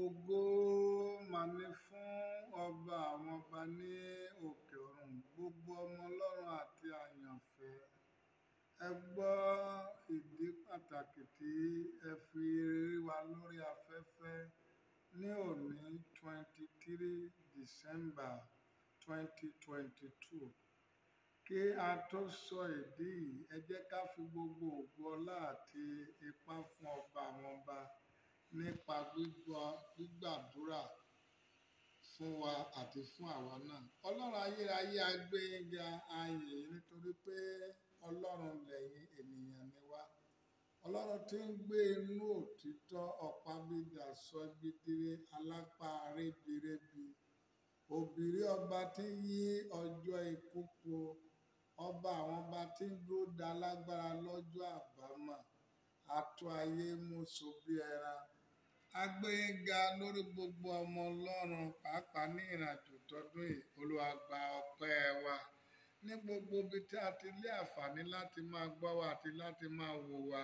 ògo mà ní fún ọba àwọn ọba ní òkè ọ̀run gbogbo ọmọ ọlọ́run àti àyànfẹ́ ẹ gbọ́ ìdí pàtàkì tí ẹ fi rí wa lórí afẹ́fẹ́ ní òní twenty three december twenty twenty two kí a tó sọ ìdí yìí ẹ jẹ́ ká fi gbogbo ògo ọlá àti ipá fún ọba àwọn ọba nípa gbígbọ́ gbígbàdúrà fún wa àti fún àwa náà ọlọ́run ayérayé agbẹ́yìnga ayìn nítorí pé ọlọ́run lẹ́yìn ènìyàn ni wá ọlọ́run tí ń gbé inú òtítọ́ ọ̀pá gbígbà sọ gbídire alápá rébirébi òbírí ọba tí yí ọjọ́ ikú ọba àwọn ọba tí ń dúró da lágbára lọ́jọ́ àbámọ̀ àtọ́ ayé mú so ẹran agbẹ́yìnga lórí gbogbo ọmọ ọlọ́run pàápàá ní ìrìnàjò tọdún yìí olúwa gba ọpẹ́ wa ní gbogbo ibi tí a ti lé àǹfààní láti máa gbọ́ wa àti láti máa wò wa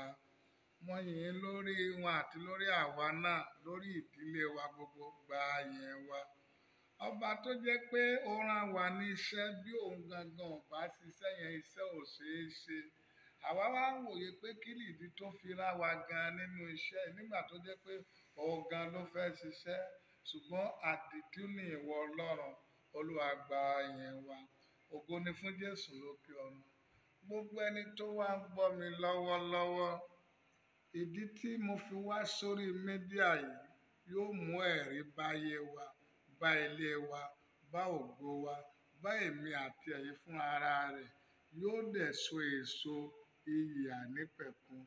mo yìn ín lórí wọn àti lórí àwa náà lórí ìdílé wa gbogbo gba yẹn wa ọba tó jẹ́ pé ó rán ní iṣẹ́ bí òun gangan ò bá yẹn iṣẹ́ ò ṣeé ṣe àwa wá ń wòye pé kí nìdí tó fi rá wa gan nínú iṣẹ́ nígbà tó jẹ́ pé ọ̀gán ló fẹ́ ṣiṣẹ́ ṣùgbọ́n àdìtú ni ìwọ ọlọ́run olúwa gba ìyẹn wa ògo ni fún jésù lókè ọ̀run gbogbo ẹni tó wá ń gbọ́ mi lọ́wọ́lọ́wọ́ ìdí tí mo fi wá sórí mídíà yìí yóò mú ẹ̀rí báyé wa bá ilé wa bá ògo wa bá èmi àti ẹ̀yin fún ara rẹ̀ yóò dẹ̀ so èso iyì ànípẹ̀kun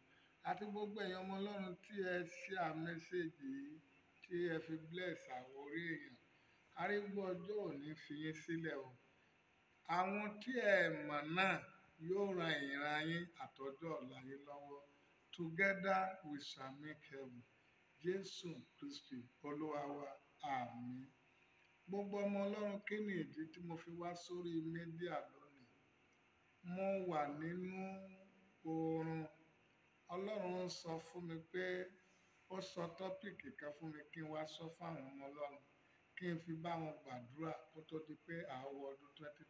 àti gbogbo ẹ̀yin ọmọ ọlọ́run tí ẹ ṣe àmẹ́sẹ̀jì yìí tí ẹ fi bless àwọn orí èèyàn arígbó ọjọ́ òní fi yín sílẹ̀ o àwọn tí ẹ mọ̀ náà yóò ran ìran yín àtọjọ́ ọ̀la yín lọ́wọ́ together we shall make heaven jésù kristi olúwa wa àmín gbogbo ọmọ ọlọ́run kí ni ìdí tí mo fi wá sórí mídíà lónìí mo wà nínú oorun ọlọ́run ń sọ fún mi pé ó sọ tọ́pìkì kan fún mi kí n wá sọ fáwọn ọmọ ọlọ́run kí n fi bá wọn gbàdúrà kó tó di pé àwọ̀ ọdún twenty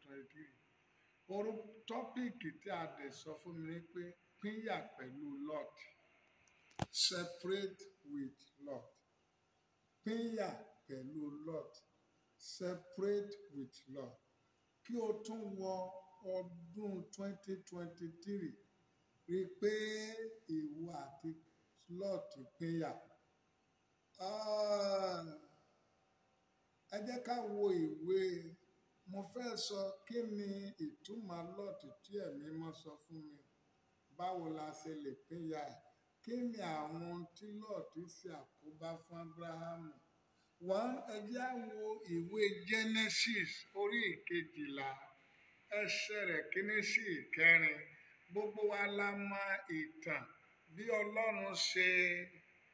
orú tọ́pìkì tí a dẹ̀ sọ fún mi ni pé pínyà pẹ̀lú Lord separate with Lord pínyà pẹ̀lú Lord separate with Lord kí o tún wọ ọdún twenty rí i pé ìwọ àti slot pínyà ah, ẹ jẹ́ ká wo ìwé mo fẹ́ sọ kí ni ìtumọ̀ lot tí ẹ̀mí mọ́ sọ fún mi báwo la ṣe lè pínyà ẹ̀ kí ni àwọn tí lot ṣe àkóbá fún Ábúráhámù wọ́n ẹ jẹ́ á wo ìwé Genesis orí ìkejìlá ẹsẹ̀ rẹ̀ kíní sí ìkẹrin gbogbo wa la mọ ìtàn bí ọlọ́run ṣe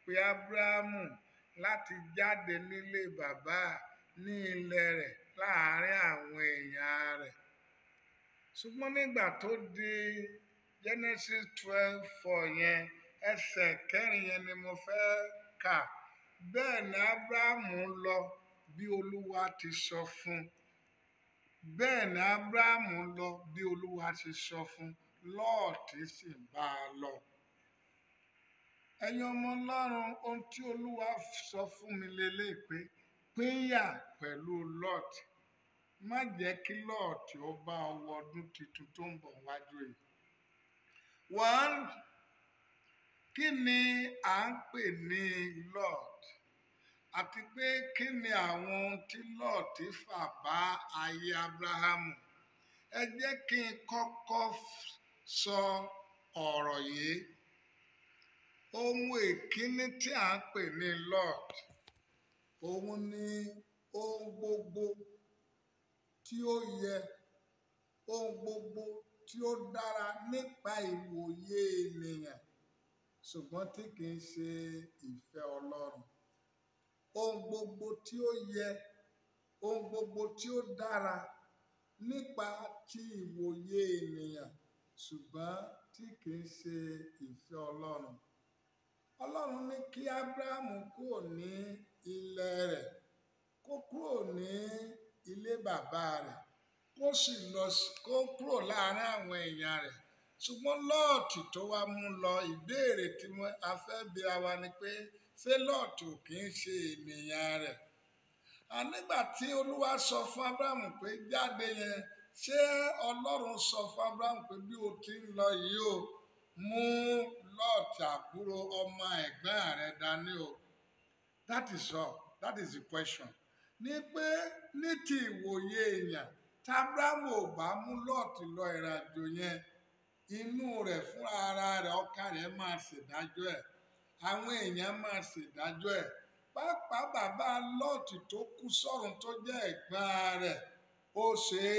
pe ábúráhámù láti jáde nílé bàbá ní ilẹ̀ rẹ̀ láàárín àwọn èèyàn rẹ̀ ṣùgbọ́n nígbà tó di genesis twelve four yẹn ẹsẹ̀ kẹrin yẹn ni mo fẹ́ kà bẹ́ẹ̀ ni ábúráhámù lọ bí olúwa ti sọ fún bẹ́ẹ̀ ni ábúráhámù lọ bí olúwa ti sọ fún lọ́ọ̀tì sì ń bá a lọ ẹ̀yin ọmọ ọlọ́run ohun tí olúwa sọ fún mi lélẹ́ pé pínyà pẹ̀lú lọ́ọ̀tì má jẹ́ kí lọ́ọ̀tì ó bá ọwọ́ ọdún tuntun tó ń bọ̀ wájú yìí wọ́n kí ni à ń pè ní lord àti pé kí ni àwọn ohun tí lord fà bá ayé abrahamu ẹ jẹ́ kí n kọ́kọ́ sọ ọ̀rọ̀ yìí ohun èkíní tí à ń pè ní Lord òun ni ohun gbogbo tí ó yẹ ohun gbogbo tí ó dára nípa ìwòye ènìyàn ṣùgbọ́n tí kì í ṣe ìfẹ́ Ọlọ́run ohun gbogbo tí ó yẹ ohun gbogbo tí ó dára nípa ti ìwòye ènìyàn ṣùgbọ́n tí kìí ṣe ìfẹ́ ọlọ́run ọlọ́run ní kí ábúráhámù kúrò ní ilẹ̀ rẹ̀ kó kúrò ní ilé bàbá rẹ̀ kó sì lọ kó kúrò láàárín àwọn èèyàn rẹ̀ ṣùgbọ́n lọ́ọ̀tù tó wá mú lọ ìbéèrè tí a fẹ́ bi àwa ni pé ṣé lọ́ọ̀tù kì í ṣe ènìyàn rẹ̀ ànígbà tí olúwa sọ fún ábúráhámù pé jáde yẹn ṣé ọlọ́run sọ fún abraham pé bí o ti ń lọ yìí o mú lọ́ọ̀tì àbúrò ọmọ ẹ̀gbọ́n rẹ dání o that is all that is the question ní pé ní ti ìwòye èèyàn tí abraham ò bá mú lọ́ọ̀tì lọ ìrìnàjò yẹn inú rẹ̀ fúnra ara rẹ̀ ọkàn rẹ̀ máa ṣèdájọ́ ẹ̀ àwọn èèyàn máa ṣèdájọ́ ẹ̀ pàápàá bàbá lọ́ọ̀tì tó kú sọ́run tó jẹ́ ẹ̀gbọ́n rẹ̀ ó ṣeé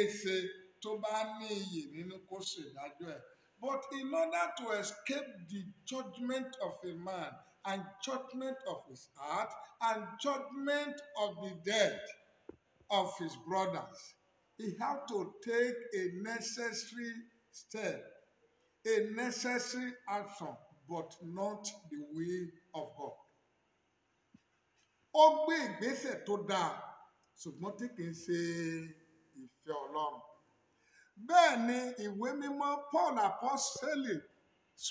tó bá ní iyì nínú kó ṣèdájọ́ ẹ̀. But in order to escape the judgment of a man and judgment of his heart and judgment of the dead of his brothers, he had to take a necessary step, a necessary action, but not the will of God. Ó gbé ìgbésẹ̀ tó dáa ṣùgbọ́n tí kì í ṣe ìfẹ́ Ọlọ́run bẹ́ẹ̀ ni ìwé mímọ́ Paul apọ́sítélì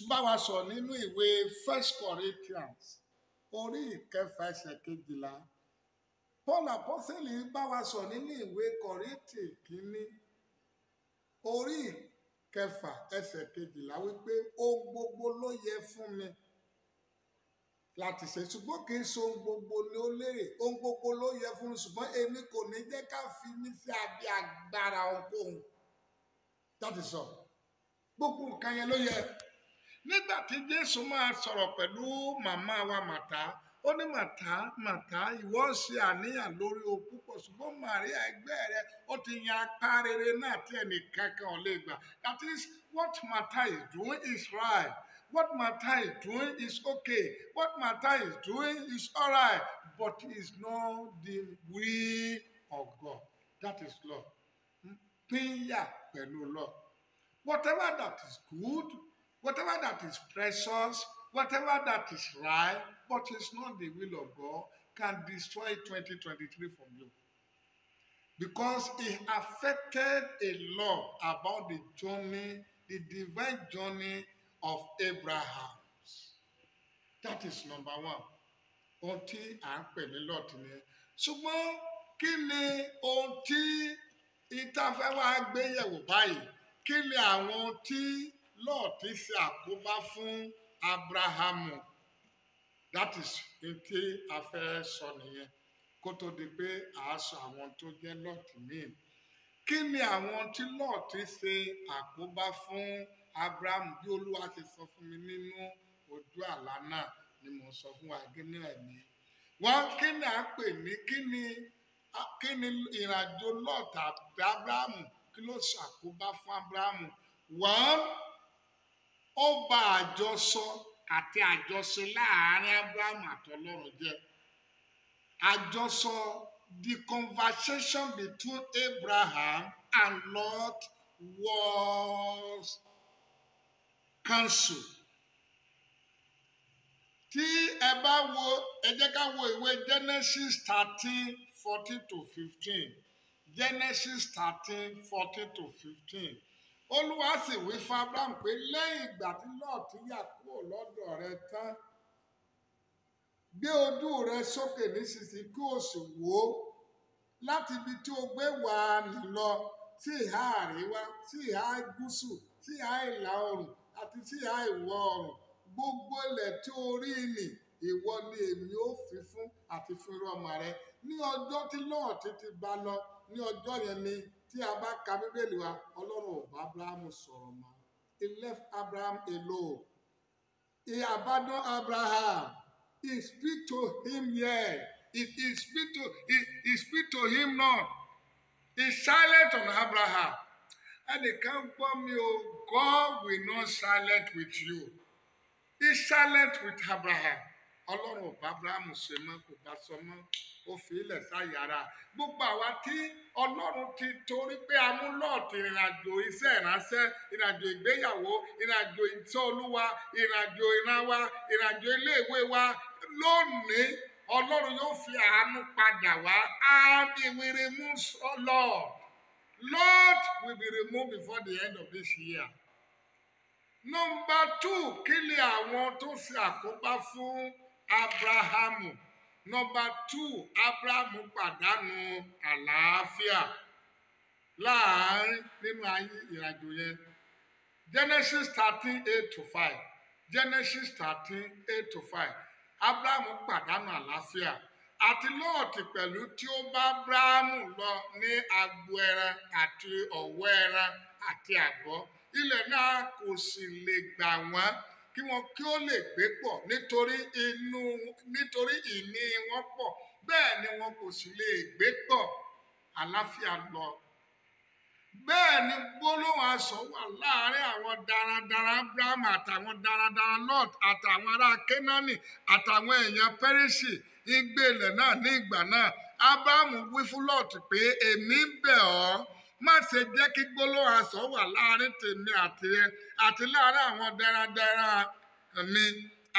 bá wa sọ nínú ìwé First Corinthians orí ìkẹfà ẹsẹ̀ kejìlá Paul apọ́sítélì bá wa sọ nínú ìwé Kọ́ríńtì kínní orí ìkẹfà ẹsẹ̀ kejìlá wípé ohun gbogbo ló yẹ fún mi láti ṣe ṣùgbọ́n kì í ṣe ohun gbogbo ni ó lérè ohun gbogbo ló yẹ fún un ṣùgbọ́n èmi kò ní jẹ́ ká fi mí sí abẹ́ agbára ohunkóhun láti sọ gbogbo nǹkan yẹn ló yẹ nígbà tí Jésù máa sọ̀rọ̀ pẹ̀lú màmá wa màtá ó ní màtá màtá ìwọ ń ṣe àníyàn lórí o púpọ̀ ṣùgbọ́n Màríà ẹgbẹ́ rẹ ó ti yan apá rere náà tí ẹnìkan kan ò lè gbà that is what Martha is doing is right What Martha is doing is okay. What Martha is doing is all right. But it's not the will of God. That is love. Pínyà pẹ̀lú love. Whatever that is good, whatever that is precious, whatever that is right, but it's not the will of God, can destroy 2023 from you. Because it affected a lot about the journey, the divine journey of Abraham. That is number one. Ohun tí à ń pè ní Lot ni. Ṣùgbọ́n kí ni ohun tí ìtafẹ́ wa gbé yẹ̀wò báyìí? Kí ni àwọn ohun tí Lot ṣe àkóbá fún Abrahamu? That is ohun tí a fẹ́ sọ nìyẹn. Kó tó di pé àá sọ àwọn tó jẹ́ Lot míì. Kí ni àwọn tí Lot ṣe àkóbá fún Abrahamu? abraham bí olúwa ti sọ fún mi nínú ojú àlá náà ni mo sọ fún wa gínú ẹ̀mí wọn kí ni à ń pè ní kí ni kí ni ìrìnàjò abraham kí ló ṣàkóbá fún abraham wọn ó ba àjọsọ àti àjọṣe láàárín abraham àtọlọ́run jẹ́ àjọsọ the conversation between abraham and lord was council tí ẹ bá wo ẹ jẹ́ ká wo ìwé Genesis thirteen fourteen to fifteen Genesis thirteen fourteen to fifteen olúwa sì wí fún Abraham pé lẹ́yìn ìgbà tí lọ́ọ̀tì yà kúrò lọ́dọ̀ rẹ tán gbé ojú rẹ sókè nísinsìnyí kí o sì wò ó láti ibi tí o gbé wà á nì lọ sí ìhà àríwá sí ìhà gúúsù sí ìhà ìlà oòrùn àti síhà ìwọ̀ oòrùn gbogbo ilẹ̀ tí o rí nì ìwọ ni èmi ó fi fún àti fún irú ọmọ rẹ ní ọjọ́ tí lọ́ọ̀tì ti bá lọ ní ọjọ́ yẹn ni tí a bá ka bíbélì wa ọlọ́run ò bá abrahamu sọ̀rọ̀ mọ́ he left abraham alone he abandon abraham he speak to him here he, he speak to he, he speak to him now he silent on abraham ẹnìkan gbọ́ mi o God will not silent with you he silent with Abraham ọlọ́run ò bá Abraham ṣe mọ́ kò bá sọ mọ́ ó fi ilẹ̀ sáyàrá gbogbo àwa tí ọlọ́run ti torí pé amúlọ́ọ̀tì ìrìnàjò iṣẹ́ ìránṣẹ́ ìrìnàjò ìgbéyàwó ìrìnàjò iṣẹ́ olúwa ìrìnàjò ìran wa ìrìnàjò iléèwé wa lónìí ọlọ́run yóò fi àánú padà wá á ní wíri mú sọ́lọ́ọ̀. Lord will be removed before the end of this year. Number two, kí ni àwọn tó ṣe àkóbá fún Abrahamu? Number two, Abrahamu pàdánù àlàáfíà láàárín nínú ayé ìrìnàjò yẹn. Genesis thirteen eight to five Genesis thirteen eight to five Abrahamu pàdánù àlàáfíà àti lọ́ọ̀tì pẹ̀lú tí ó bá abrahamu lọ ní agbo ẹran àti ọ̀wọ́ ẹran àti àgọ́ ilẹ̀ náà kò sì lè gbà wọ́n kí wọn kí ó lè gbé pọ̀ nítorí ìní wọn pọ̀ bẹ́ẹ̀ ni wọn kò sì lè gbé pọ̀ àlàáfíà lọ bẹ́ẹ̀ ni gbólóhùn asọ̀ wà láàárín àwọn darandaran abraham àtàwọn darandaran lot àtàwọn ará kenani àtàwọn èèyàn pẹ́rẹ́sì ìgbélẹ̀ náà ní ìgbà náà abraham wí fún lot pé èmi bẹ̀ ọ́ má ṣe jẹ́ kí gbólóhùn asọ̀ wà láàárín tèmi àti ẹ àti láàárín àwọn darandaran mi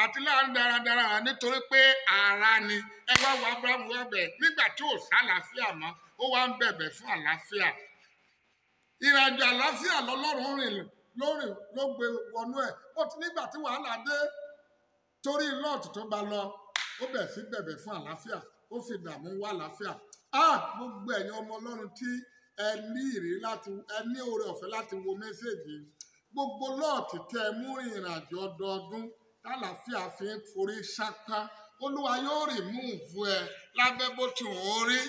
àti láàárín darandaran nítorí pé ara ni ẹ wá wo abraham wá bẹ̀ nígbà tí ò sálàáfíà mọ́ ó wá ń bẹ̀bẹ̀ fún àlàáfíà ìrìnàjò àlàáfíà lọ́lọ́run rìn lórin ló gbé wọnú ẹ̀ ó ti nígbà tí wàhálà dé torí lọ́ọ̀tù tó bá lọ ó bẹ̀ sí bẹ̀bẹ̀ fún àlàáfíà ó fi dààmú wá àlàáfíà ah gbogbo ẹ̀yin ọmọ ọlọ́run tí ẹ ní ìrírí láti ẹ ní oore ọ̀fẹ́ láti wo mẹ́sẹ̀gì gbogbo lọ́ọ̀tì tẹ mú ìrìnàjò ọdọọdún tálàáfíà fi ń forí ṣáká olúwa yóò rí múùfù ẹ lábẹ́ bó ti wọ́n rí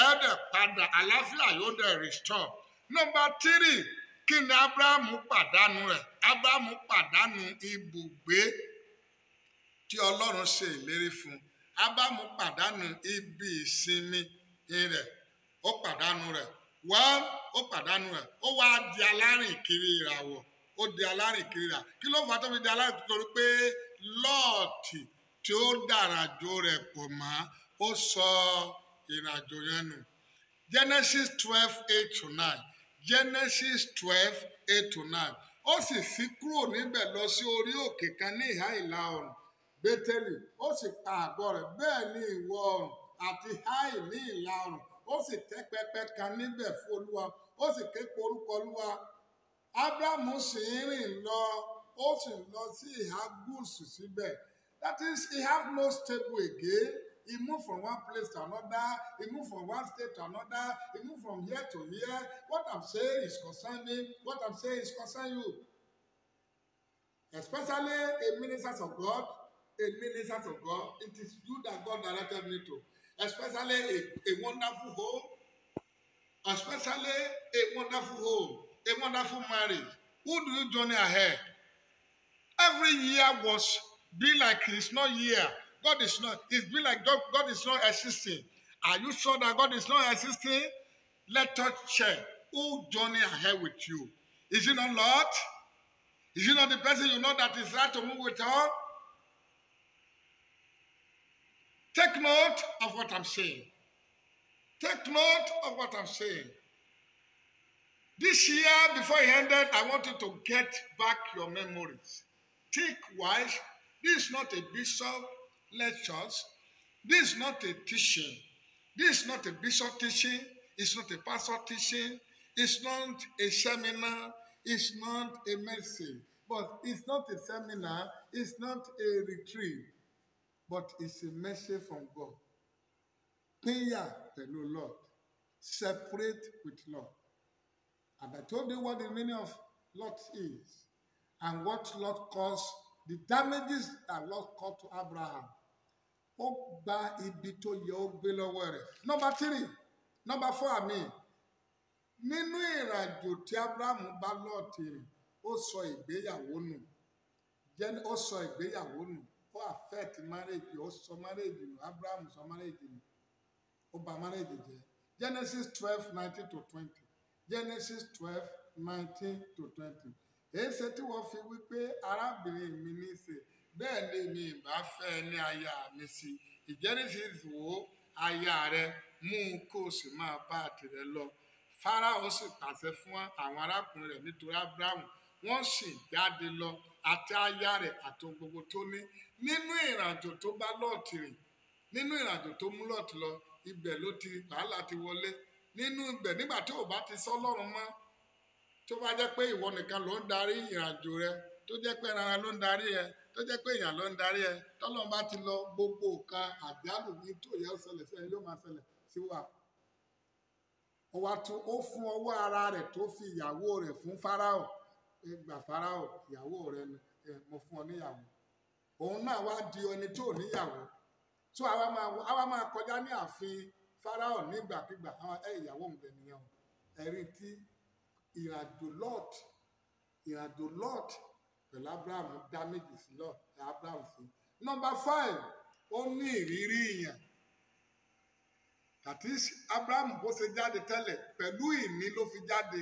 ẹ̀ẹ́dẹ̀ padà àlàáfíà yóò dẹ̀ restore nọmba tiri kí abrahamu padanu rẹ̀ abrahamu pàdánù ibùgbé tí ọlọ́run ṣe ìlérí fún abrahamu padanu ibi ìsinmi rẹ̀ ó pàdánù rẹ̀ wọ́n ó pàdánù rẹ̀ ó wá di alárìn kiri ìràwọ̀ ó di alárìn kiri ìrà kí ló fà á tó fi di alárìn kiri torí pé lọ́ọ̀tì tí ó dàràjò rẹ̀ pọ̀ mọ́ ó sọ ìrìnàjò yẹn nù Genesis twelve eight to nine. Genesis twelve eight to nine ó sì fi kúrò níbẹ̀ lọ sí orí òkè kan ní ìhà ìlà oòrùn Bẹ́tẹ́lì ó sì pa àgọ́ rẹ̀ bẹ́ẹ̀ ní ìwọ̀ oòrùn àti Háì ní ìlà oòrùn ó sì tẹ́ pẹpẹ kan níbẹ̀ fún Olúwa ó sì ké pe Olúwa Ábúráhámù sì ń rìn lọ ó sì lọ sí ìhà gúúsù síbẹ̀ that is he have no stable again. He move from one place to another. He move from one state to another. He move from here to here. What I'm saying is concerning. What I'm saying is concerning you. Especially a ministers of God, a ministers of God. It is you that God directed me to. Especially a, a wonderful home. Especially a wonderful home, a wonderful marriage. Who do you journey ahead? Every year was be like Krishna year God is not, it's been like God, is not existing. Are you sure that God is not existing? Let us check who journey ahead with you. Is it not Lord? Is it not the person you know that is right to move with her? Take note of what I'm saying. Take note of what I'm saying. This year, before it ended, I want you to get back your memories. Think wise. This is not a bishop. lectures. This is not a teaching. This is not a bishop teaching. It's not a pastor teaching. It's not a seminar. It's not a message. But it's not a seminar. It's not a retreat. But it's a message from God. Prayer pẹ̀lú Lord. Separate with Lord. And I told you what the meaning of Lot is and what Lot caused, the damages that Lot caused to Abraham. ó gba ibi tó yẹ ó gbé lọ́wọ́ rẹ̀ nọ́mbà tírì nọ́mbà fọ́ àmì nínú ìrìnàjò tí abrahamu bá lọ́ọ̀tì rìn ó sọ ìgbéyàwó nù ó sọ ìgbéyàwó nù ó affect marriage ó sọ marriage nù abrahamu sọ marriage nù ó bà marriage jẹ́ genesis twelve nineteen to twenty genesis twelve nineteen to twenty èyí ṣe tí wọ́n fi wí pé arábìnrin mi ní í ṣe bẹ́ẹ̀ ni mi ìbá fẹ́ ní aya mi sí ìjẹ́rìsìsì wo aya rẹ mú un kó o sì máa bá tirẹ̀ lọ fáráò sì pàṣẹ fún àwọn arákùnrin rẹ̀ nítorí abrahamu wọ́n sì jáde lọ àti aya rẹ̀ àti gbogbo tó ní nínú ìrìnàjò tó bá lọ́ọ̀tì rìn nínú ìrìnàjò tó mú lọ́ọ̀tì lọ ibẹ̀ ló ti wàhálà ti wọlé nínú ibẹ̀ nígbà tí ò bá ti sọ Ọlọ́run mọ́ tó bá jẹ́ pé ìwọ nìkan ló ń darí ìrìnàjò rẹ tó jẹ́ pé ara ló ń darí ẹ tó jẹ́ pé èèyàn ló ń darí ẹ tọ́lọ́run bá ti lọ gbogbo nǹkan àgbálù ní tó yẹ ó sẹlẹ̀ sẹ́yìn yóò máa sẹlẹ̀ sí wa ọwọ́ tún ó fún ọwọ́ ara rẹ̀ tó fi ìyàwó rẹ̀ fún farao. gbà ìyàwó fún ọ níyàwó òun náà wá di ẹni tó níyàwó tó àwa máa kọjá ní ààfin farao nígbàkigbà àwọn ẹ ìyàwó ẹ̀rí pẹ̀lú abraham dá méjì sí lọ abraham sí nọ́mbà five ó ní ìrírí ìyàn àti abraham bó ṣe jáde tẹ́lẹ̀ pẹ̀lú ìní ló fi jáde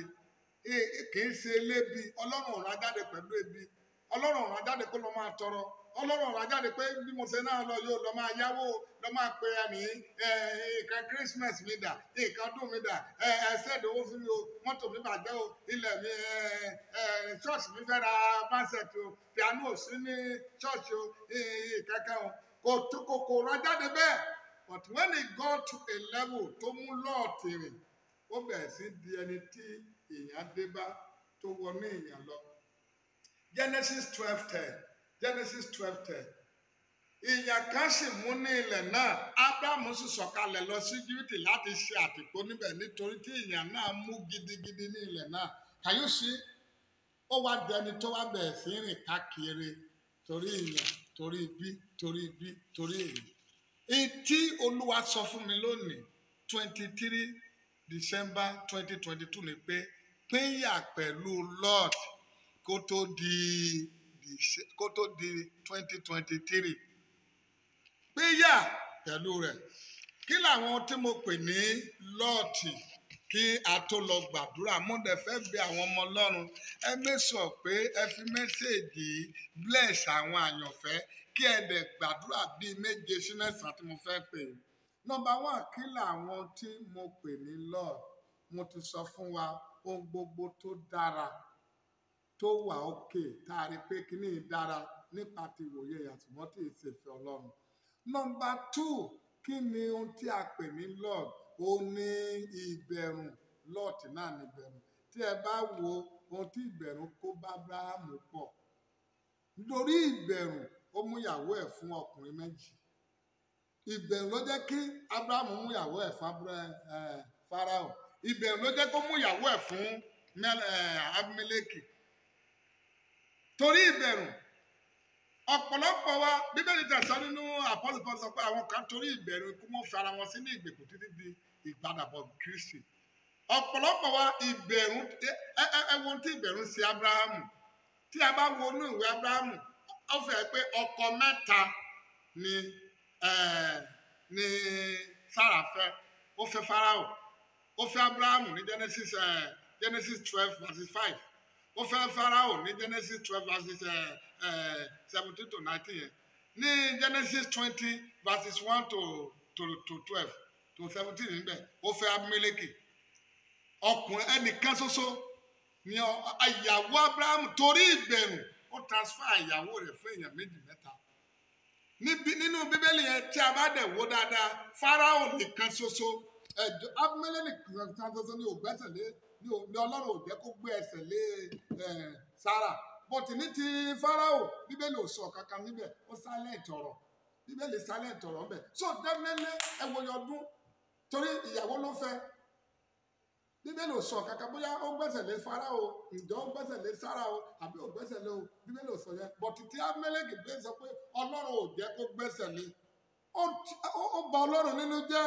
kì í ṣe elébi ọlọ́run ọ̀run ajáde pẹ̀lú ebi ọlọ́run ọ̀run ajáde kó lọ máa tọrọ ọlọ́run ọ̀rọ̀ ajáde pé bí mo ṣe náà lọ yóò lọ máa yáwó lọ máa pe ẹni nǹkan Christmas mi dà nǹkan dùn mi dà ẹsẹ̀ ìdánwò fún mi o mọ́tò mi bàjẹ́ o ilẹ̀ mi ṣọ́ọ̀ṣì mi fẹ́ ra báńsẹ̀tì o piano sí ní ṣọ́ọ̀ṣì o kankan o kò tún kò kò rọ ajáde bẹ́ẹ̀ but when he got to a level tó mú lọ́ọ̀tì rìn ó bẹ̀rẹ̀ sí di ẹni tí èèyàn dé bá tó wọnú èèyàn lọ Genesis twelve ten. Genesis twelve ten ìyà kan sì mú ní ilẹ̀ náà Ábúráhámù sì sọ̀kalẹ̀ lọ sí Íjíbítì láti ṣe àtìpó níbẹ̀ nítorí tí ìyà náà mú gidigidi ní ilẹ̀ náà can you see ó wá dẹni tó wá bẹ̀rẹ̀ sí rìn káàkiri torí ìyà torí ibi torí ibi torí èyí etí Olúwa sọ fún mi lónìí twenty three December twenty twenty two ni pé pínyà pẹ̀lú Lord kó tó di di kó tó di twenty twenty three pínyà pẹ̀lú rẹ̀ kí làwọn tí mo pè ní lọ́ọ̀tì kí a tó lọ gbàdúrà mo dẹ̀ fẹ́ bẹ̀ àwọn ọmọ ọlọ́run ẹ mẹ́sọ̀ pé ẹ fi mẹ́sẹ̀gì bless àwọn àyànfẹ́ kí ẹ dẹ̀ gbàdúrà bíi méje sí mẹ́sàn-án tí mo fẹ́ pè é nọ́mbà one kí làwọn tí mo pè ní lord mo ti sọ fún wa ohun gbogbo tó dára tó wà òkè tá a rí pé kíní dára nípa ti wòye àtùmọ́ tí ọlọ́run. nọmba two kí ni ohun tí a pè ní lord ó ní ìbẹ̀rù lord náà ní ìbẹ̀rù tí ẹ bá wo ohun tí ìbẹ̀rù kó bá abrahamu pọ̀ nítorí ìbẹ̀rù ó mú ìyàwó ẹ̀ fún ọkùnrin méjì ìbẹ̀rù ló jẹ́ kí abrahamu mú ìyàwó ẹ̀ fún eh, ìbẹ̀rù ló jẹ́ kó mú ìyàwó ẹ̀ fún eh, abimeleki torí ìbẹ̀rù ọ̀pọ̀lọpọ̀ wa bíbélì tẹ̀sán nínú àpọ́lù kan sọ pé àwọn kan torí ìbẹ̀rù ikú wọn fi ara wọn sí ní ìgbèkùn títí di ìgbàdàbọ̀ Kristi ọ̀pọ̀lọpọ̀ wa ìbẹ̀rù ẹwọ tí ìbẹ̀rù ṣe Abrahamu tí a bá wo inú ìwé Abrahamu ó fẹ́ pé ọkọ mẹ́ta ni ni Sárà fẹ́ ó fẹ́ Fáráò ó fẹ́ Abrahamu ní Genesis Genesis twelve verse five ó fẹ́ Fáráò ní Genesis twelve verses eh, eh, seventeen to nineteen yẹn ní Genesis twenty verses one to to to twelve to seventeen níbẹ̀ ó fẹ́ Abimeleki ọkùnrin ẹnìkan ṣoṣo ni ìyàwó Abrahamu torí ìgbẹ̀rùn ó transfer ìyàwó rẹ̀ fún èèyàn méjì mẹ́ta nínú bíbélì yẹn tí a bá dẹ̀ wò dáadáa Fáráò nìkan ṣoṣo ẹ̀jọ̀ Abimeleki nìkan ṣoṣo ni ò ni ọlọ́run ò jẹ́ kó gbé ẹsẹ̀ lé sára bọ̀tì ní ti farao bíbélì ò sọ kankan níbẹ̀ ó sálẹ̀ tọ̀rọ̀ bíbélì sálẹ̀ tọ̀rọ̀ ńbẹ̀ so dẹ́mẹ́lẹ́ ẹ̀wọ̀n ọdún torí ìyàwó ló fẹ́ bíbélì ò sọ kankan bóyá ó gbẹ́sẹ̀ lé farao ǹjọ́ ó gbẹ́sẹ̀ lé sára o àbí ò gbẹ́sẹ̀ lé o bíbélì ò sọ yẹn bọ̀tì tí amẹ́lẹ́gì gbé sọ pé ọlọ́run ò jẹ́ kó gbẹ́sẹ̀ lé ó ba ọlọ́run nínú jẹ́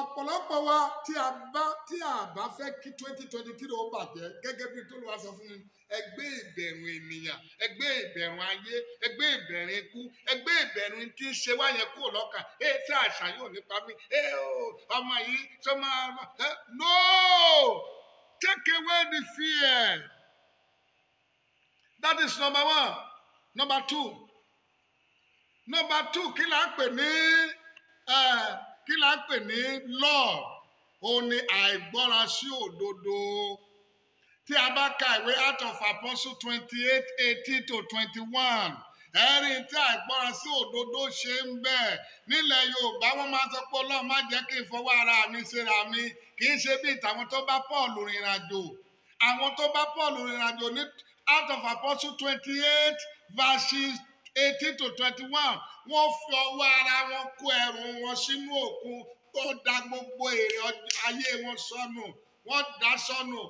ọ̀pọ̀lọpọ̀ wa tí a bá tí a bá fẹ́ kí twenty twenty three ó bàjẹ́ gẹ́gẹ́ bí tó lọ́wọ́ sọ fún mi ẹgbẹ́ ìbẹ̀rù ènìyàn ẹgbẹ́ ìbẹ̀rù ayé ẹgbẹ́ ìbẹ̀rù ikú ẹgbẹ́ ìbẹ̀rù tí ń ṣe wáyẹ kúrò lọ́kàn ẹ tí àṣà yóò nípa mi ẹ o ọmọ yìí tó máa ẹ no take away the fear that is number one number two number two kí là ń pè ní. Uh, kí la ń pè ní love òun ni àìgbọ́ra sí òdodo tí a bá ka ìwé out of Apostle twenty eight eighteen to twenty one ẹ̀rí tí àìgbọ́ra sí òdodo ṣe ń bẹ nílẹ̀ Yorùbá wọ́n máa sọ pé Ọlọ́run má jẹ́ kí n fọwọ́ ara mi síra mi kì í ṣe bí tàwọn tó bá Pọ́ọ̀lù rìnrìn àjò àwọn tó bá Pọ́ọ̀lù rìnrìn ní Acts of Apostle twenty eight verses eighteen to twenty-one wọ́n fi ọwọ́ ara wọn kó ẹrù wọn sínú òkun tó da gbogbo èrè ayé wọn sọnù wọ́n da sọnù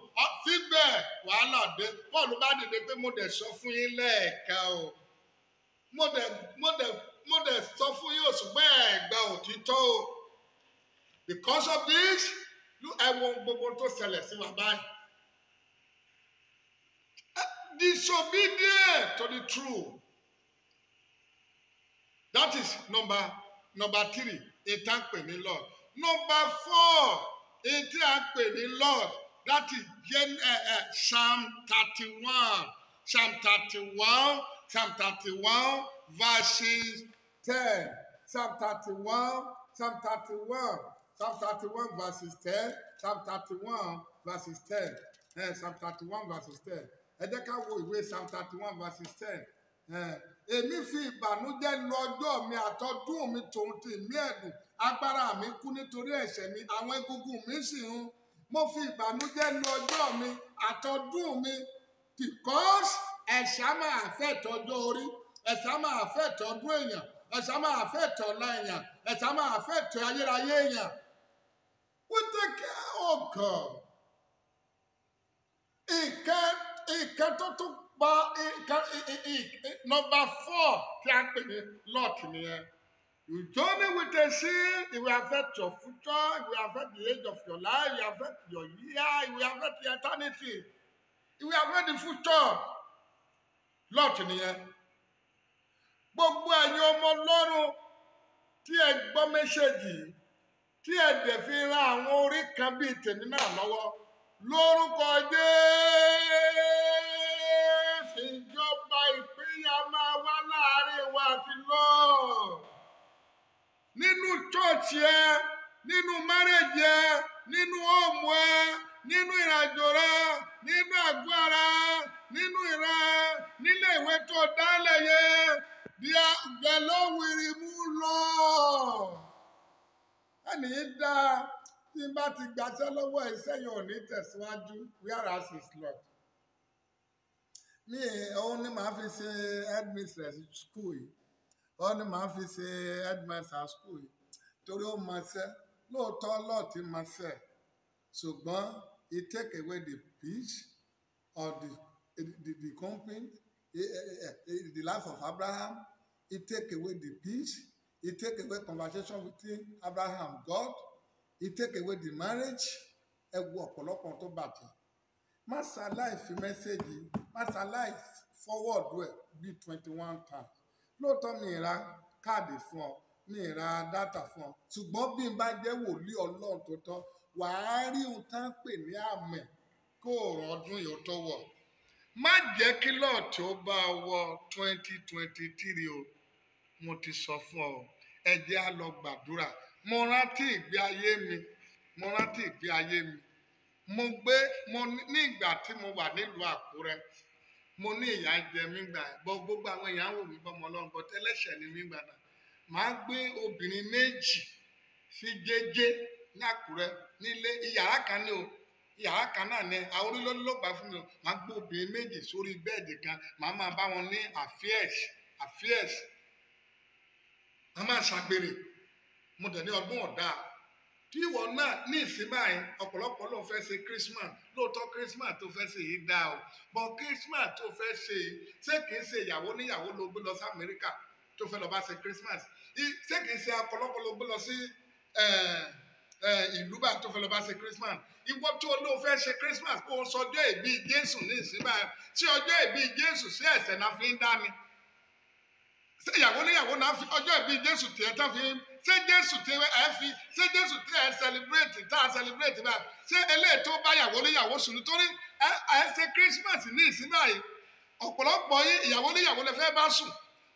síbẹ̀ wàhálà dé Paul bá dìde pé mo dẹ̀ sọ fún yín lẹ́ẹ̀kan o mo dẹ̀ mo dẹ̀ mo dẹ̀ sọ fún yín òṣùgbọ́n ẹ̀gbà òtítọ́ o because of this ló ẹ̀wọ̀n gbogbo tó ṣẹlẹ̀ sí wa báyìí disobedient to the truth that is number number three ìta ń ní lord number four ìdí à ní lord that is gen uh, uh, psalm thirty one psalm thirty one psalm thirty one verses ten psalm thirty one psalm thirty one psalm thirty one verses ten psalm thirty one verses ten eh, psalm thirty one verses ten ẹ jẹ́ ká wo ìwé psalm thirty one verses ten èmi fi ìbànújẹ́ lọ ọjọ́ mi àtọdún mi tòun ti mí ẹ̀dùn agbára mi kú nítorí ẹ̀ṣẹ̀ mi àwọn egungun mi sì ń mo fi ìbànújẹ́ lọ ọjọ́ mi àtọdún mi because ẹ̀ṣẹ̀ á máa fẹ́ tọjọ́ orí ẹ̀ṣẹ̀ á máa fẹ́ tọdún èèyàn ẹ̀ṣẹ̀ á máa fẹ́ tọ̀la èèyàn ẹ̀ṣẹ̀ á máa fẹ́ tọ ayérayé èèyàn we take care of oh God ìkẹ́ ìkẹ́ tó tún pa nọmba four tí a ń pè ní lot nìyẹn you journey with a sin it will affect your future it will affect the age of your life it will affect your year it will affect the eternity it will affect the future lot nìyẹn gbogbo ẹ̀yin ọmọ ọlọ́run tí ẹ gbọ́ mẹ́ṣẹ́jì tí ẹ dẹ̀ fi ra àwọn orí kan bíi tèmi náà lọ́wọ́ lórúkọ Jésù. nínú chọ́ọ̀chì ẹ nínú márẹ́jì ẹ nínú ọ̀mù ẹ nínú ìrìnàjò rẹ nínú àgọ́ ara nínú ìran nílé ìwé tó dálẹ̀ yẹ the Lord will remove law. ẹnì yìí dáa tí n bá ti gbàṣẹ́ lọ́wọ́ iṣẹ́ yẹn ò ní tẹ̀síwájú whereas is Lord. mi òun ni màá fi ṣe headmistress school yìí ọ ní màá fi ṣe headmaster school yìí torí ó mọṣẹ́ lóòótọ́ lọ́ọ̀tì mọṣẹ́ ṣùgbọ́n he take away the peace of the the the company the life of Abraham he take away the peace he take away conversation between Abraham God he take away the marriage ẹ wo ọ̀pọ̀lọpọ̀ tó bàjẹ́ má ṣaláì fi mẹ́sẹ̀gì má ṣaláì fọwọ́ọ̀dù ẹ̀ bíi twenty one times lóòótọ́ mi ìra káàdì fún ọ mi ìra dátà fún ọ ṣùgbọ́n bí n bá jẹ́ wòlíì ọlọ́run tó tọ́ wàá rí ohun tá ń pè ní àmì kó o rán ọdún yìí ó tó wọ̀ má jẹ́ kí lọ́ọ̀tì ó bá wọ twenty twenty three o mo ti sọ fún ọ ẹ jẹ́ á lọ gbàdúrà mo rántí ìgbé ayé mi mo rántí ìgbé ayé mi mo gbé mo ní ìgbà tí mo wà nílùú Àkúrẹ́ mo ní ìyà jẹ mí gbà bọ gbogbo àwọn èèyàn wò mí bọmọ Ọlọ́run bọ tẹlẹsẹ ni mí gbà náà màá gbé obìnrin méjì sí jẹ́jẹ́ lákùrẹ́ nílé ìyàrá kan ní o ìyàrá kan náà ní àwọn orílẹ̀ ló gbà fún mi o màá gbé obìnrin méjì sórí bẹ́ẹ̀dì kan màá máa bá wọn ní affairs affairs màá máa ṣàgbèrè mo dẹ̀ ní ọdún ọ̀dà kí ìwọ náà ní ìsinmi àyìn ọ̀pọ̀lọpọ̀ ló fẹ́ ṣe Christmas lóòótọ́ Christmas tó fẹ́ ṣe yìí dá o bọ́ Christmas tó fẹ́ ṣe yìí ṣé kìí ṣe ìyàwó níyàwó ló gbé lọ sí Amẹ́ríkà tó fẹ́ lọ bá ṣe Christmas ṣé kìí ṣe ọ̀pọ̀lọpọ̀ ló gbé lọ sí ìlú bá tó fẹ́ lọ bá ṣe Christmas ìwọ tó ló fẹ́ ṣe Christmas kó o sọ ọjọ́ ìbí Jésù ní ìsinmi àyìn tí ọjọ́ ìbí Jésù sí ẹ̀sẹ̀ náà fi ń dá ni ṣé ìyàwó níyàwó náà fi ọjọ́ ṣé jésù tí ẹ fi ṣé jésù tí ẹ sẹlẹbírẹtì tá a sẹlẹbírẹtì náà ṣé eléyìí tó bá yàwó níyàwó sùn nítorí ẹ ṣe christmas ní ìsín báyìí ọ̀pọ̀lọpọ̀ yín ìyàwó níyàwó lè fẹ́ bá sùn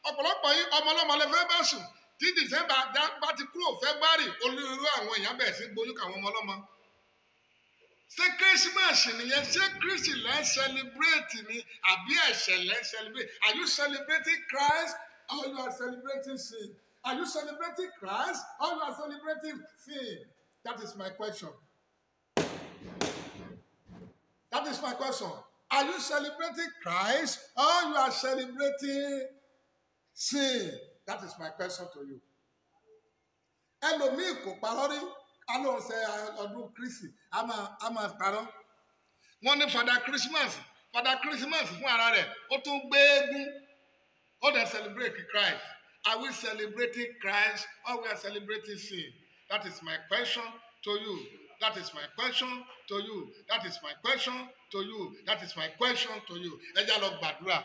ọ̀pọ̀lọpọ̀ yín ọmọ ọlọ́mọ lè fẹ́ bá sùn tí dìsẹ́mbà bá ti kúrò fẹ́ gbárì onírúurú àwọn èèyàn bẹ̀rẹ̀ sí gbóyún káwọn ọmọ ọlọ́mọ ṣé christmas nìyẹn ṣé christy lẹ́ ń celebrate ni àbí ẹ̀ṣẹ̀ lẹ́ celebrate are you celebrating Christ or you are celebrating sin? Are you celebrating Christ or you are celebrating sin? That is my question. That is my question. Are you celebrating Christ or you are celebrating sin? That is my question to you. Ẹlòmíì kò parọ́ rí, a ló ń ṣe ọdún Kristi, a máa a máa parọ́. Wọ́n ní Fada Christmas, Fada Christmas fún ara rẹ̀, ó tún gbé eégún, ó dẹ̀ celebrate Christ. Are we celebrating Christ or we are celebrating sin? That is my question to you. That is my question to you. That is my question to you. That is my question to you. Ẹ já lọ gbàdúrà.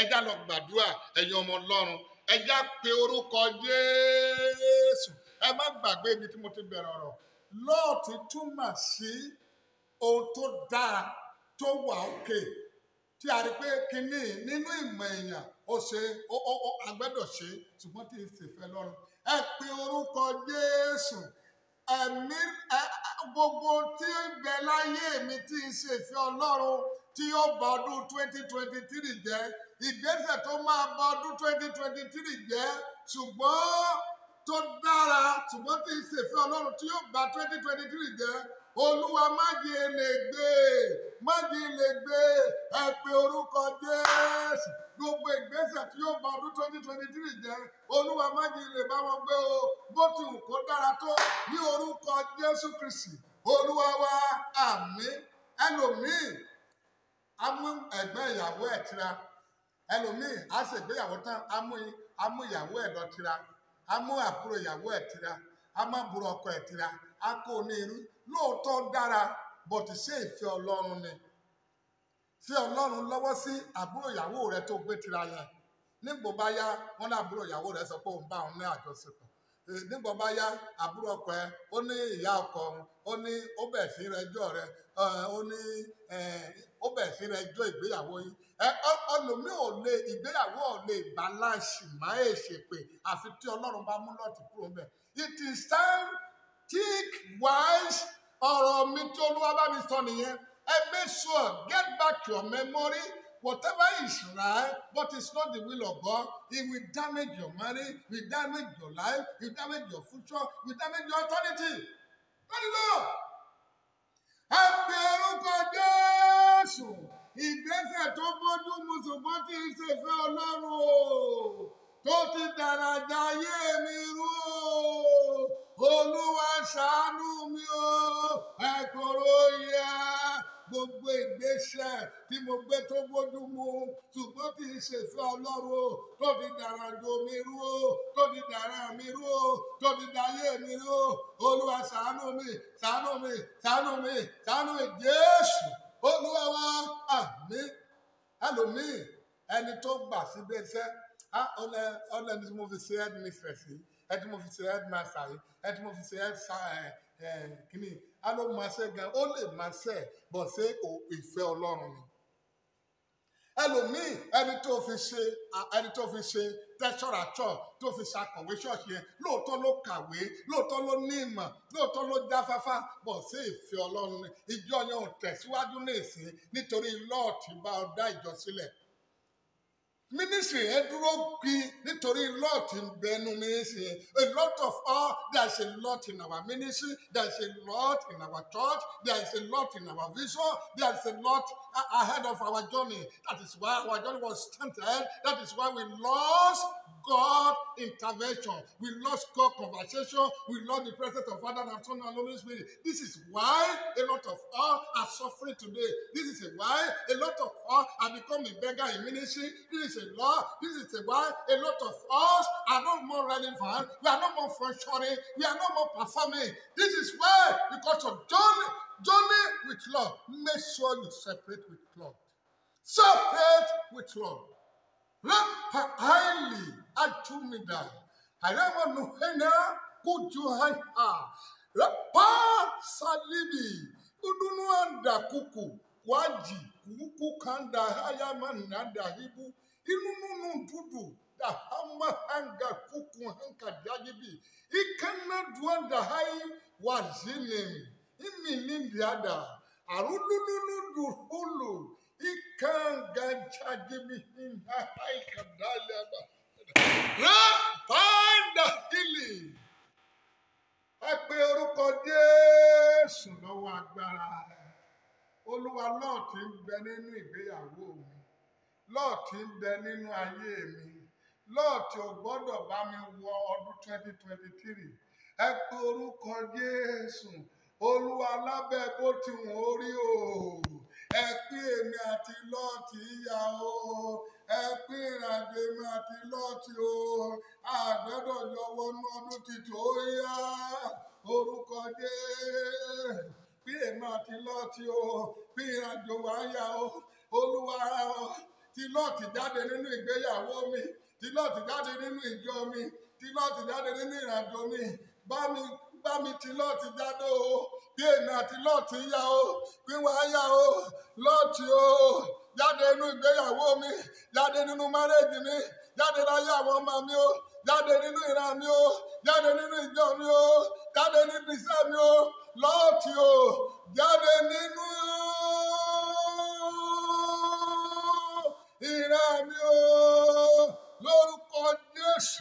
Ẹ já lọ gbàdúrà ẹ̀yin ọmọ Ọlọ́run. Ẹ já pe orúkọ Jésù. Ẹ má gbàgbé ibi tí mo ti bẹ̀rẹ̀ ọ̀rọ̀. Lọ́ọ̀tì túmọ̀ sí ohun tó dáa tó wà òkè tí a rí pé kínní nínú ìmọ̀ èèyàn ó ṣe ó ó ó agbẹ́dọ̀ ṣe ṣùgbọ́n tí ìṣèfẹ́ lọ́rùn ẹ pe orúkọ Jésù ẹ̀mí gbogbo tí ń bẹ láyé mi tí ń ṣe ìfẹ́ Ọlọ́run tí yóò bá ọdún twenty twenty three jẹ́ ìgbésẹ̀ tó máa bá ọdún twenty twenty three jẹ́ ṣùgbọ́n tó dára ṣùgbọ́n tí ń ṣe ìfẹ́ Ọlọ́run tí yóò bá twenty twenty three jẹ́ Olúwa má lè gbé má lè gbé ẹ pe orúkọ Jésù gbogbo ìgbésẹ̀ tí yóò ba ọdún twenty twenty three jẹ́ olúwa májì lè bá wọn gbé o bó ti wù kó dára tó ní orúkọ jésù kristi olúwa wa àmín ẹlòmíì á mú ẹ̀gbẹ́ ìyàwó ẹ̀ tira ẹlòmíì á ṣègbéyàwó tán á mú ìyàwó ẹ̀ lọ tira á mú àbúrò ìyàwó ẹ̀ tira á má burú ọkọ ẹ̀ tira á kó o ní irú lóòótọ́ dára bọ̀tí ṣé ìfẹ́ ọlọ́run ni tí ọlọ́run lọ́wọ́ sí àbúrò ìyàwó rẹ tó gbé tira yẹn nígbò bá yá wọn ní àbúrò ìyàwó rẹ sọ pé òun bá òun ní àjọṣepọ̀ nígbò bá yá àbúrò ọkọ ẹ ó ní ìyá ọkọ òun ó ní ó bẹ̀ sí rẹjọ́ rẹ ó ní ó bẹ̀ sí rẹjọ́ ìgbéyàwó yín ọlọ́mí ò lè ìgbéyàwó ò lè balanṣì má è ṣe àfi tí ọlọ́run bá mú lọ́ọ̀tì kúrò ń bẹ̀ it is time take wise ọ̀rọ̀ mi tí olúwa bá mi sọ nìyẹn and make sure, get back your memory. Whatever is right, but it's not the will of God, it will damage your money, will damage your life, will damage your future, will damage your eternity. Let it go. Ẹgbẹ́ orúkọ Jésù, ìgbésẹ̀ tó bójú mu ṣùgbọ́n kì í ṣe ìfẹ́ Ọlọ́run o, tó ti dàràjà ayé mi rú o, Olúwa ṣàánú mi o, ẹ̀kọ́ ròyìn gbogbo ìgbésẹ̀ tí mo gbé tó bójú mu ṣùgbọ́n kì í ṣèfẹ́ ọlọ́run tó fi dàrà jò mi rú o tó fi dàrà mi rú o tó dàyé mi rú o olúwa ṣàánú mi ṣàánú mi ṣàánú mi ṣàánú mi jésù olúwa wa àmín ẹlòmíì ẹni tó gbà síbẹ̀ iṣẹ́ ọ̀nà ah, ọ̀nà ẹni mo fi ṣe headmistress yìí ẹni tí mo fi ṣe headmaster yìí ẹni tí mo fi ṣe head kínní a ló máa ṣe gan ó lè máa ṣe bọ̀ ṣé ìfẹ́ ni ẹlòmíì ẹni tó fi ṣe ẹni tó fi ṣe tẹ́ṣọ́ra church tó fi ṣàkọ̀wé ṣọ́ọ̀ṣì yẹn lóòótọ́ ló kàwé lóòótọ́ ló ní ìmọ̀ lóòótọ́ ló jáfáfá bọ̀ sí ìfẹ́ ọlọ́run ni ìjọ yẹn ò tẹ̀síwájú ní ìsìn nítorí lọ́ọ̀tì bá ọ ìjọ sílẹ̀ ministry yẹn dúró gbin nítorí lot ń bẹnu ministry a lot of all there is a lot in our ministry there is a lot in our church there is a lot in our vision there is a lot ahead of our journey. That is why our journey was stunted. That is why we lost God intervention. We lost God conversation. We lost the presence of Father and Son and Holy Spirit. This is why a lot of us are suffering today. This is why a lot of us are becoming beggar in ministry. This is a lot. This is why a lot of us are not more relevant. We are not more functioning. We are not more performing. This is why because of journey, journey with love. Make sure you separate with love. Separate with love. Rapa aili ajumida. Arema nuhena kujuhaiha. Rapa salibi. Udunu anda kuku. Kwaji. Kuku kanda hayama nanda hibu. Inununu dudu. da hama hanga kuku hanka dagibi ikana duanda hai wazini imi nindi ada arulululudulu ikangajajimihinda haikadaliaba rapanda hili ẹ pe orúkọ Jésù lọ́wọ́ agbára Olúwa náà ti ń bẹ nínú ìgbéyàwó mi lọ́ọ̀ tí ń bẹ nínú ayé mi lọ́ọ̀ tí ò gbọ́dọ̀ bá mi wọ ọdún twenty twenty three ẹ pe orúkọ Jésù. olúwa lábẹ́ bó ti o ẹ pín èmi àti lọ́ọ̀tì yá o ẹ pín ìrìnàjò èmi àti lọ́ọ̀tì o àgbẹ̀dọ̀ jọ wọnú ọdún títí ó yá orúkọ jẹ́ èmi àti lọ́ọ̀tì o bí ìrìnàjò wá yá o olúwa ti lọ́ọ̀tì jáde nínú mi ti lọ́ọ̀tì jáde nínú mi ti lọ́ọ̀tì jáde nínú mi bá bá mi ti lọ́ọ̀tì jáde o bí èmi àti lọ́ọ̀tì ń yá o wíwá yá o lọ́ọ̀tì o jáde nínú ìgbéyàwó mi jáde nínú márẹ́jì mi jáde láyé àwọn ọmọ mi o jáde nínú ìran mi o jáde nínú ìjọ mi o jáde níbi iṣẹ́ mi o lọ́ọ̀tì o jáde nínú ìran mi o lórúkọ Jésù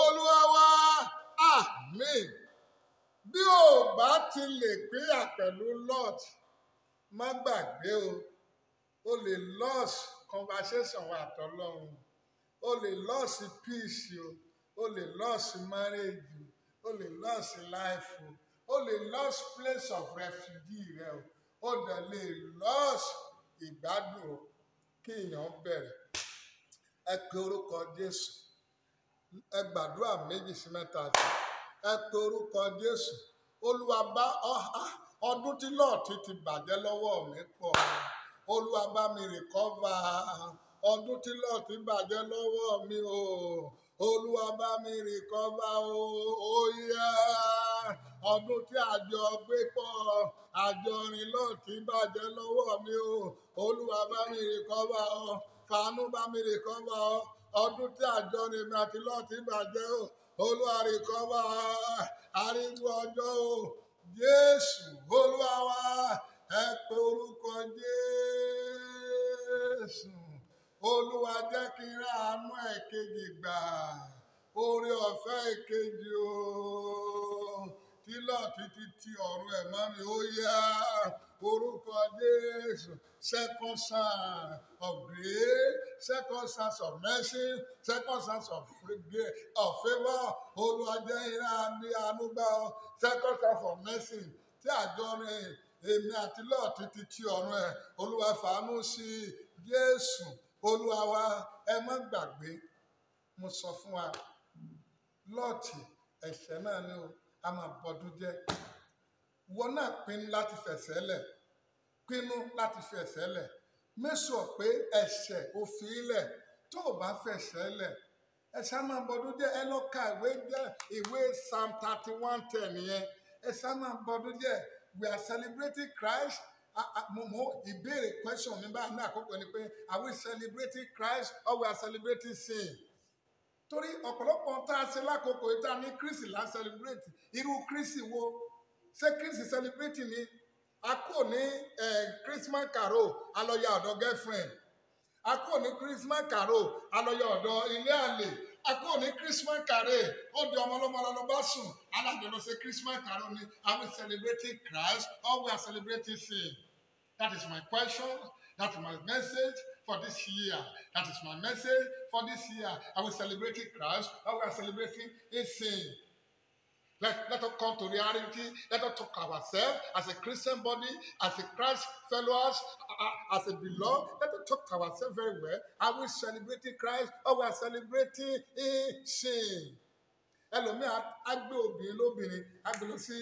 Olúwa wa àmín bí ò bá ti lè pínyà pẹ̀lú Lord má gbàgbé o o lè loss conversation wa àtọ́lọ́run o lè loss peace o o lè loss marriage o o lè loss life o o lè loss place of refugee rẹ o o dẹ̀ lè loss ìgbádùn o kí èèyàn bẹ̀rẹ̀ ẹ pe orúkọ Jésù ẹ gbàdúrà méjì sí mẹ́ta sí ẹ pe orúkọ jésù olúwa bá ọdún tí náà ti bàjẹ́ lọ́wọ́ mi pọ̀ olúwa bá mi rìkọ́và ọdún tí lọ́ọ̀tì bàjẹ́ lọ́wọ́ mi o olúwa bá mi rìkọ́và o oyè ọdún tí àjọ gbé pọ̀ àjọ rìn lọ́ọ̀tì bàjẹ́ lọ́wọ́ mi o olúwa bá mi rìkọ́và o fàánú bá mi rìkọ́và o ọdún tí àjọ rìn mi àti lọ́ọ̀tì bàjẹ́ o. olúwa rìkọ́bà arígbó ọjọ́ o jésù olúwa wa ẹ pé orúkọ jésù olúwa jẹ́ kí n rà ánú ẹ̀kejì gbà oore ọ̀fẹ́ ẹ̀kejì o tílà títí tí ọ̀run ẹ̀ mọ́ mi ó yá orúkọ Jésù second sign of grace second sign of mercy second sign of of favour olùwàjẹ́ iná ní ànúgbà second sign of mercy tí àjọ rìn èmi àti lọ́ọ̀ títí tí ọ̀run ẹ̀ olúwa fàánú sí Jésù olúwa wa ẹ má gbàgbé mo sọ fún wa lọ́ọ̀tì ẹ̀ṣẹ̀ náà ni o a máa bọdún jẹ́ ìwọ náà pinnu láti fẹsẹ̀ lẹ̀ pinnu láti fẹsẹ̀ lẹ̀ mẹ́sọ̀ pé ẹ̀ṣẹ̀ òfin lẹ̀ tó o bá fẹsẹ̀ lẹ̀ ẹ̀ṣẹ̀ máa bọdún jẹ́ ẹ lọ ka ìwé jẹ́ ìwé psalm thirty one ten yẹn ẹ̀ṣẹ̀ máa bọdún jẹ́ we are celebrating Christ mo mo ìbéèrè question mi báyìí ní àkókò ni pé are we celebrating Christ or we are celebrating sin? torí ọ̀pọ̀lọpọ̀ tá a ṣe lákòókò yìí tá a ní kristi là ń celebrate irú kristi wo ṣé kristi celebrate ni a kò ní christmas carol a lọ girlfriend a kò ní christmas carol a lọ ya ọ̀dọ̀ ilé àlè a kò ní christmas carol ó di ọmọ ọlọ́mọ lọ́lọ́ bá sùn alájọ lọ sí christmas carol ni are we celebrating christ or we are celebrating sin that is my question that is my message for this year that is my message for this year. And we're celebrating Christ, and we are celebrating His sin. Let, let us come to reality. Let us talk ourselves as a Christian body, as a Christ followers, as a beloved. Let us talk ourselves very well. Are we celebrating Christ or we are celebrating His sin? Ẹlòmíà á gbé obìnrin lóbìnrin á Agbe lọ sí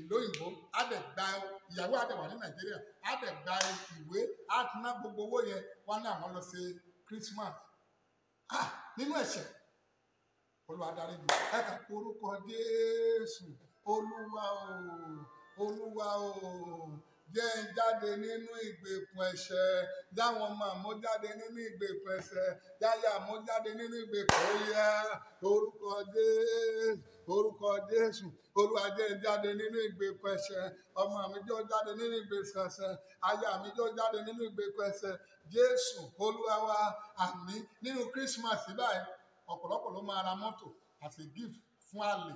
ìlú òyìnbó á dẹ̀ gba ìyàwó àdẹ̀wà ní Nàìjíríà á dẹ̀ gba ìwé á ná gbogbo owó yẹn wọ́n ní àwọn lọ sí Christmas Ah, nínú ẹ̀ṣẹ̀ olúwa dáríjì ẹ kà orúkọ jésù olúwa o olúwa o jẹ́ ń jáde nínú ìgbèkùn ẹ̀ṣẹ̀ dáwọn ọmọ àmọ́ jáde nínú ìgbèkùn ẹ̀ṣẹ̀ yáyà àmọ́ jáde nínú ìgbèkùn ó orúkọ jésù orúkọ Jésù Olúwa jẹ́ jáde nínú ìgbèkùn ẹ̀ṣẹ̀ ọmọ mi jọ jáde nínú ìgbèkùn ẹ̀ṣẹ̀ aya mi jọ jáde nínú ìgbèkùn ẹ̀ṣẹ̀ Jésù Olúwa wa àmín nínú Christmas báyìí ọ̀pọ̀lọpọ̀ ló máa ra mọ́tò as a gift fún àlè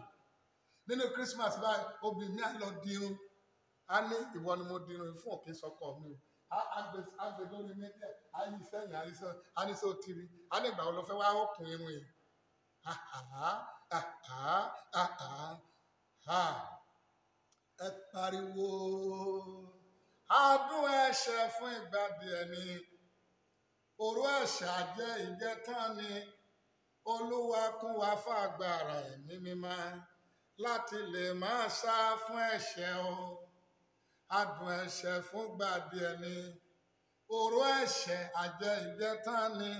nínú Christmas báyìí obìnrin mi á lọ dirun á ní ìwọ ni mo dirun fún òkè sọkọ mi o agbe lórí mẹ́tẹ̀ ayé sẹ́yìn àrísọ́ anísọ́ tiri anígbà wo ló fẹ́ wá òkun irun yìí ẹ pariwo adún ẹ̀ṣẹ̀ fún ìgbà díẹ̀ ni òru ẹ̀ṣẹ̀ àjẹ́ ìjẹtán ni olúwa kún wa fàgbára ẹ̀mí mímá láti lè máa sá fún ẹ̀ṣẹ̀ o adùn ẹ̀ṣẹ̀ fún ìgbà díẹ̀ ni òru ẹ̀ṣẹ̀ àjẹ́ ìjẹtán ni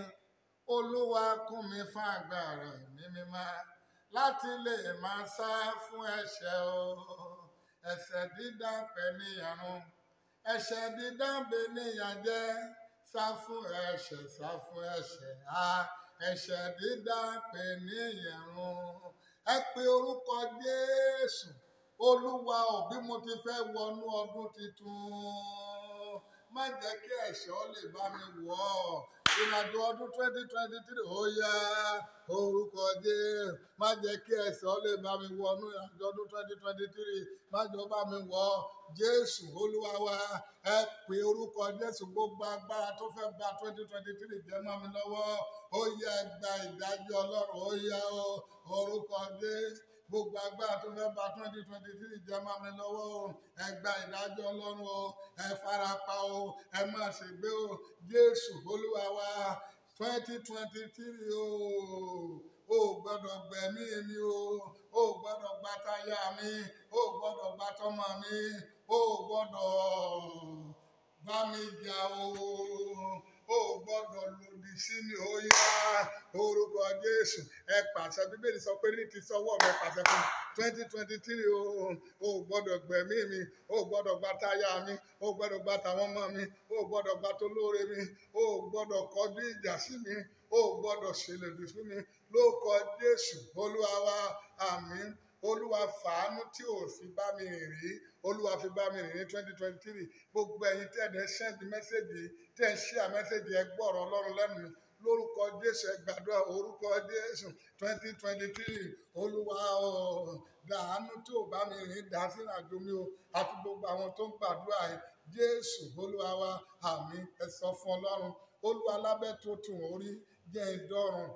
olúwa kún mi fàgbára ẹ̀mí mímá láti lè máa sá fún ẹ̀ṣẹ̀ o ẹ̀ṣẹ̀ dídá pẹ̀ níyàrún ẹ̀ṣẹ̀ dídá bẹ níyà jẹ́ sá fún ẹ̀ṣẹ̀ sá fún ẹ̀ṣẹ̀ a ẹ̀ṣẹ̀ dídá pẹ̀ níyàrún ẹ pe orúkọ Jésù olúwa ò bí mo ti fẹ́ wọnú ọdún tuntun má jẹ́ kí ẹ̀ṣẹ̀ lè bá mi wọ̀ ọ́. si na dụ ọdụ 2023 oya orukọ dị ma jẹ kí ẹsẹ ọlẹ bá mi wọ ọnu àjọ 2023 má jọ bá mi wọ jésù olúwa wa ẹ pé orukọ jésù gbogbo agbára tó fẹ gba 2023 jẹ má mi lọwọ oya ẹgbà ìdájọ ọlọrun oya o orukọ gbogbo agbára tó fẹ́ ba twenty twenty three jẹ́ máa mi lọ́wọ́ o ẹ gba ìdájọ́ ọlọ́run o ẹ farapa o ẹ má ṣègbé o jésù olúwa wa twenty twenty three o o gbọ́dọ̀ gbẹ̀mí mi o o gbọ́dọ̀ gba táyà mi o gbọ́dọ̀ gba tọmọ mi o gbọ́dọ̀ bá mi jà o o gbọ́dọ̀ lu sí mi ó yá orúkọ Jésù ẹ pàṣẹ Bíbélì sọ pé ní ti sọwọ́ mi pàṣẹ fún twenty twenty three o ò gbọ́dọ̀ gbẹ̀mí mi ò gbọ́dọ̀ gba táyà mi ò gbọ́dọ̀ gba tàwọn ọmọ mi ò gbọ́dọ̀ gba tolóore mi ò gbọ́dọ̀ kọjú ìjà sí mi ò gbọ́dọ̀ ṣèlérí fún mi lórúkọ Jésù Olúwa wa àmín olúwa fàánú tí ò fi bá mi rìn rí olúwa fi bá mi rìn ní twenty twenty three gbogbo ẹ̀yin tẹ́ ẹ̀ sẹ́ndì mẹ́sẹ̀gì tẹ́ ẹ̀ ṣíà mẹ́sẹ̀gì ẹ gbọ́ ọ̀rọ̀ ọlọ́run lẹ́nu lórúkọ jésù ẹ gbàdúrà orúkọ jésù twenty twenty three olúwa ọ dàánú tí ò bá mi rìn dá sínú àjò mi o àti gbogbo àwọn tó ń gbàdúrà yìí jésù olúwa wa àmín ẹ sọ fún ọlọ́run olúwa lábẹ́ tó orí jẹ́ ìdọ́rùn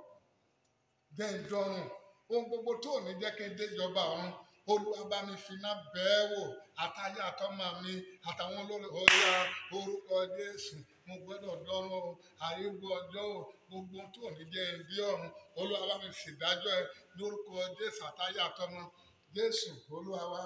jẹ́ ìdọ́rùn ohun gbogbo tó ní jẹ́ kí n déjọba ọ̀run olúwa bá mi finá bẹ́ẹ̀ wò àtàyè àtọ́mọ mi àtàwọn olórí ọ̀yà orúkọ jésù mo gbọ́dọ̀ dọ́rùn o àríwú ọjọ́ o gbogbo tó ní jẹ́ ibi ọ̀run olúwa bá mi ṣèdájọ́ ẹ lórúkọ jésù àtàyè àtọ́mọ jésù olúwa wa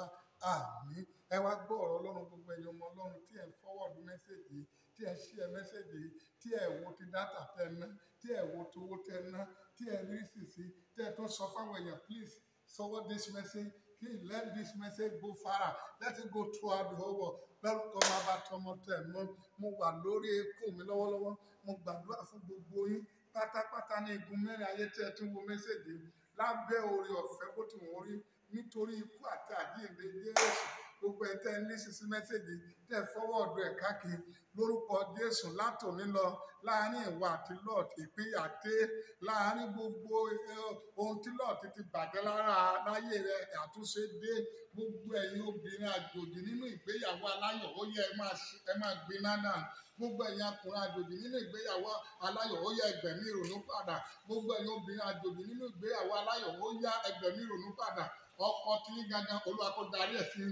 àmín ẹ wá gbọ́ ọ̀rọ̀ ọlọ́run gbogbo ẹ̀yin ọmọ ọlọ́run tí ẹ ń fọwọ́ọ̀dù mẹ́sẹ̀gì tí ẹ ṣí ẹ mẹ́sẹ̀gì tí ẹ wo ti dátà tẹ́ ẹ tí ẹ wo tówó tẹ ná tí ẹ rí sísí tí ẹ tún sọ fáwọn èèyàn please forward this message please let this message go fara let it go throughout the whole world lórúkọ máa bá tọmọ tẹ mọ mo wà lórí ikú mi lọ́wọ́lọ́wọ́ mo gbàdúrà fún gbogbo yín pátápátá ní igun mẹ́rin ayé tí ẹ tún wo mẹsẹgì lábẹ́ orí ọ̀fẹ́ bó ti wọn rí nítorí ikú àti àjíǹde Jésù gbogbo ẹ tẹ́ ń lísì sí mẹ́sẹ̀gì tẹ́ fọwọ́ọ̀dù ẹ̀ káàkiri lórúkọ jésù látòní lọ láàrin ìwà àti lord ìpínyà dé láàrin gbogbo ohun tí lord ti bàjẹ́ lára láyé rẹ àtúnṣe dé gbogbo ẹ̀yin obìnrin àjòjì nínú ìgbéyàwó aláyọ̀ ó yẹ ẹ máa gbiná náà gbogbo ẹ̀yin akùnrin àjòjì nínú ìgbéyàwó aláyọ̀ ó yá ẹgbẹ̀mí ìrònú padà gbogbo ẹ̀yin obìnrin àjòjì nínú ìgbéyàwó aláyọ̀ ó yá ẹgbẹ̀mí ìrònú padà ọkọ tí gangan olúwa kó darí ẹ̀ sí